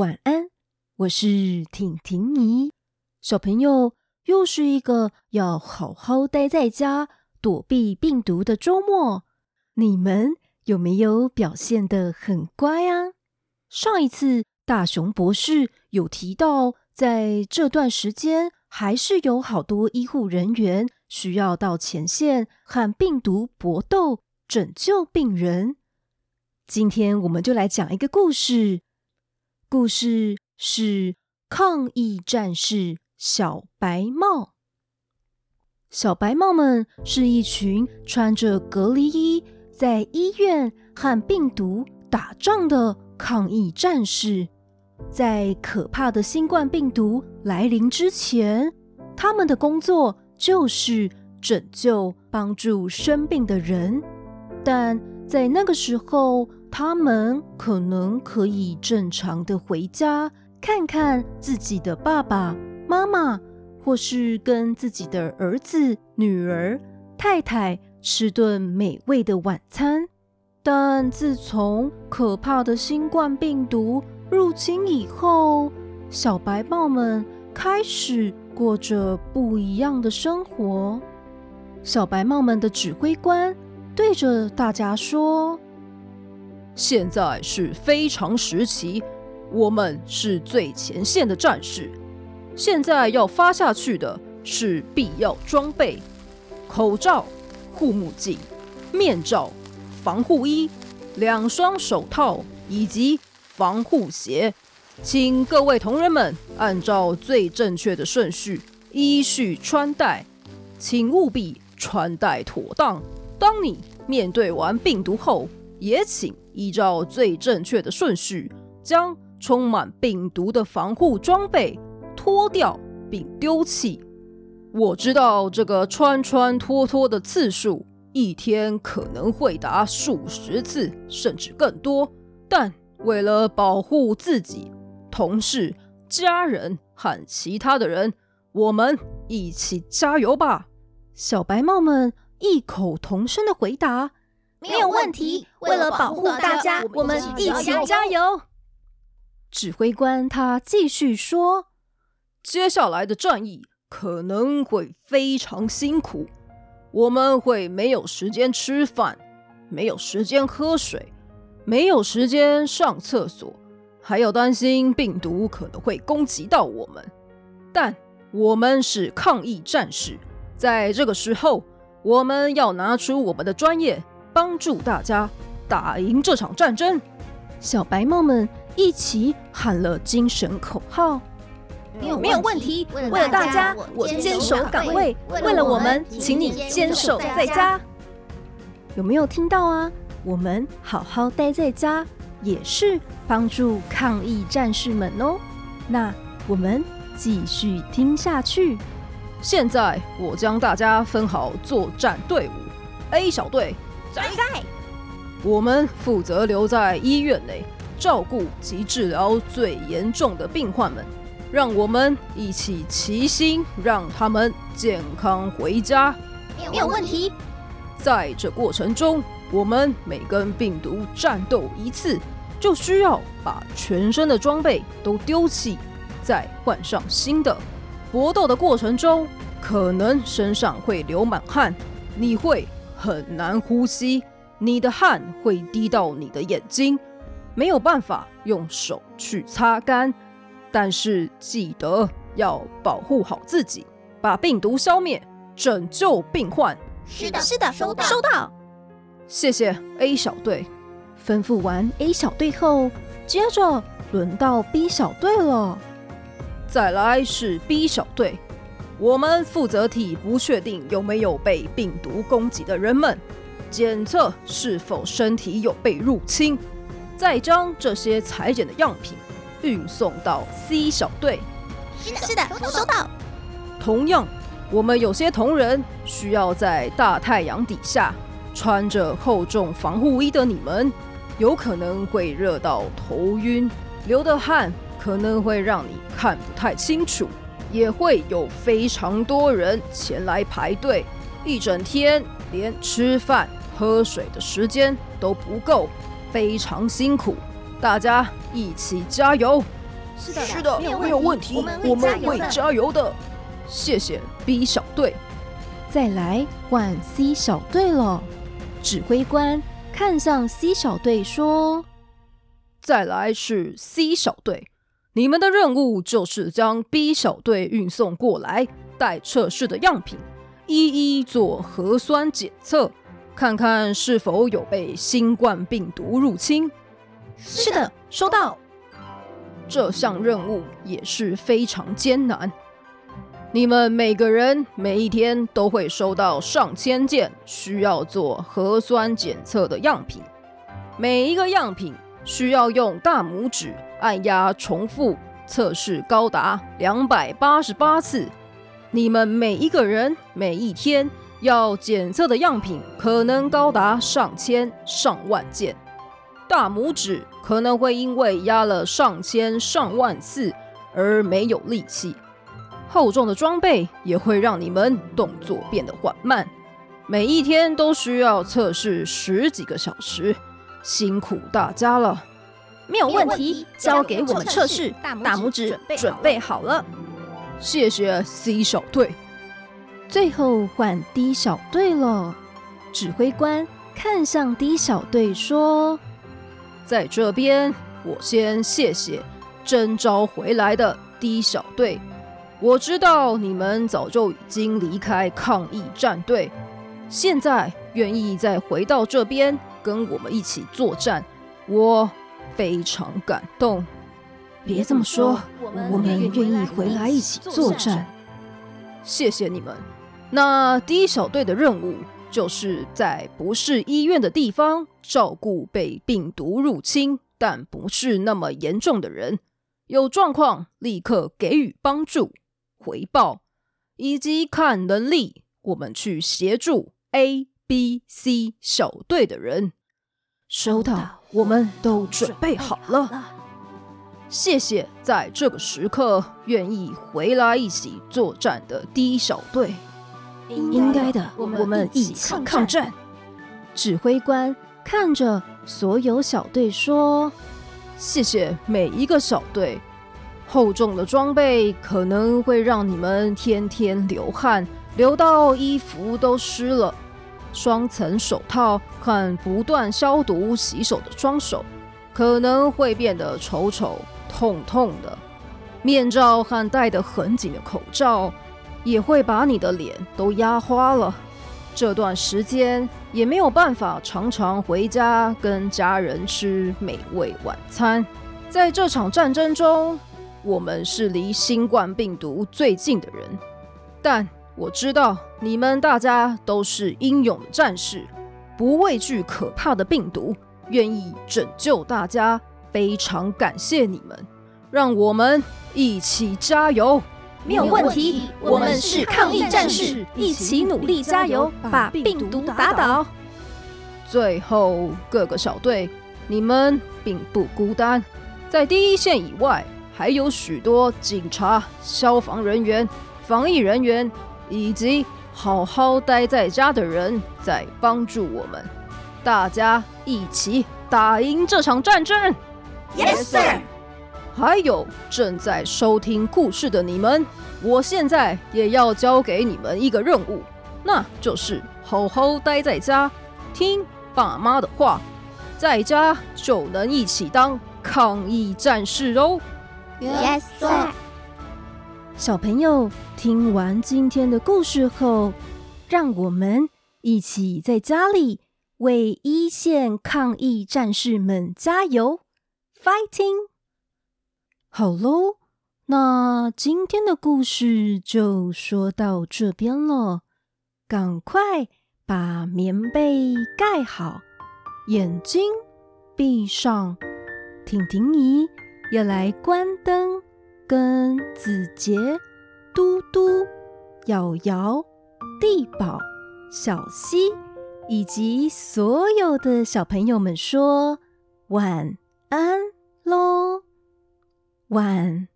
晚安，我是婷婷姨。小朋友，又是一個要好好待在家，躲避病毒的週末。你們有沒有表現得很乖啊？上一次大熊博士有提到，在這段時間還是有好多醫護人員需要到前線和病毒搏鬥，拯救病人。今天我們就來講一個故事。故事是抗疫戰士小白帽。小白帽們是一群穿着隔離衣，在醫院和病毒打仗的抗疫戰士。在可怕的新冠病毒來臨之前，他們的工作就是拯救幫助生病的人。但在那個時候，他們可能可以正常的回家，看看自己的爸爸媽媽，或是跟自己的兒子、女兒、太太吃頓美味的晚餐。但自從可怕的新冠病毒入侵以後，小白帽們開始過着不一樣的生活。小白帽們的指揮官對着大家說。現在是非常時期，我們是最前線的戰士。現在要發下去的是必要裝備：口罩、護目鏡、面罩、防護衣、兩雙手套以及防護鞋。請各位同仁們按照最正確的順序依序穿戴，請務必穿戴妥當。當你面對完病毒後，也請依照最正確的順序，將充滿病毒的防護裝備脫掉並丟棄。我知道這個穿穿脫脫的次數，一天可能會達數十次，甚至更多。但為了保護自己、同事、家人和其他的人，我們一起加油吧！小白帽們異口同聲的回答。沒有問題。為了保護大家，大家我們一起加油。加油。指揮官他繼續說：“接下來的戰役可能會非常辛苦，我們會沒有時間吃飯，沒有時間喝水，沒有時間上廁所，還要擔心病毒可能會攻擊到我們。但我們是抗疫戰士，在這個時候，我們要拿出我們的專業。”幫助大家打贏這場戰爭，小白帽們一起喊了精神口號：“有沒有問題？為了大家，我堅守崗位；對為了我們，請你堅守在家。有沒有聽到啊？我們好好待在家，也是幫助抗疫戰士們哦。那我們繼續聽下去。現在我將大家分好作戰隊伍，A 小隊。”在，在我們負責留在醫院內照顧及治療最嚴重的病患們，讓我們一起齊心，讓他們健康回家。沒有，沒有問題。在這過程中，我們每跟病毒戰鬥一次，就需要把全身的裝備都丟棄，再換上新的。搏鬥的過程中，可能身上會流滿汗，你會，很難呼吸，你的汗會滴到你的眼睛，沒有辦法用手去擦乾。但是記得要保護好自己，把病毒消滅，拯救病患。是的，是的，收到，收到。謝謝 A 小隊。吩咐完 A 小隊後，接着輪到 B 小隊了。再來是 B 小隊。我們負責替不確定有沒有被病毒攻擊的人們，檢測是否身體有被入侵，再將這些採檢的樣品運送到 C 小隊。是的，是的，收到，收到。同樣，我們有些同仁需要在大太陽底下穿着厚重防護衣的你們，有可能會熱到頭暈，流的汗可能會讓你看不太清楚。也會有非常多人前來排隊，一整天連吃飯喝水的時間都不夠，非常辛苦。大家一起加油！是的，是的，沒有問題，問題我們會加油的。油的謝謝 B 小隊，再來換 C 小隊了。指揮官看向 C 小隊說：“再來是 C 小隊。”你們的任務就是將 B 小隊運送過來待測試的樣品，一一做核酸檢測，看看是否有被新冠病毒入侵。是的，收到。這項任務也是非常艱難，你們每個人每一天都會收到上千件需要做核酸檢測的樣品，每一個樣品。需要用大拇指按壓，重複測試高達兩百八十八次。你們每一個人每一天要檢測的樣品可能高達上千上萬件，大拇指可能會因為壓了上千上萬次而沒有力氣。厚重的裝備也會讓你們動作變得緩慢，每一天都需要測試十幾個小時。辛苦大家了，沒有問題，交給我們測試。大拇指準備好了，好了，謝謝 C 小隊。最後換 D 小隊了，指揮官看向 D 小隊說：“在這邊，我先謝謝徵召回來的 D 小隊。我知道你們早就已經離開抗疫戰隊，現在願意再回到這邊。”跟我們一起作戰，我非常感動。別這麼說，麼說我們願意回來一起作戰。作戰謝謝你們。那第一小隊的任務就是在不是醫院的地方照顧被病毒入侵但不是那麼嚴重的人，有狀況立刻給予幫助、回報以及看能力，我們去協助 A。B C 小隊的人收到，我們都準備好了。謝謝，在這個時刻願意回來一起作戰的第一小隊，應該的，我們一起抗戰。指揮官看着所有小隊說：“謝謝每一個小隊。厚重的裝備可能會讓你們天天流汗，流到衣服都濕了。”雙層手套和不斷消毒洗手的雙手，可能會變得醜醜、痛痛的；面罩和戴得很緊的口罩，也會把你的臉都壓花了。這段時間也沒有辦法常常回家跟家人吃美味晚餐。在這場戰爭中，我們是離新冠病毒最近的人，但……我知道你們大家都是英勇戰士，不畏懼可怕的病毒，願意拯救大家，非常感謝你們。讓我們一起加油！沒有，沒有問題，我們是抗疫戰士，一起努力加油，把病毒打倒。最後，各個小隊，你們並不孤單，在第一線以外，還有許多警察、消防人員、防疫人員。以及好好待在家的人，在幫助我們，大家一起打贏這場戰爭。Yes sir。還有正在收聽故事的你們，我現在也要交給你們一個任務，那就是好好待在家，聽爸媽的話，在家就能一起當抗疫戰士哦。Yes sir。小朋友聽完今天的故事後，讓我們一起在家裡為一線抗疫戰士們加油，fighting！好嘍，那今天的故事就說到這邊了。趕快把棉被蓋好，眼睛閉上，婷婷姨要來關燈。跟子杰、嘟嘟、堯堯、弟寶、小希以及所有的小朋友們說晚安嘍，晚。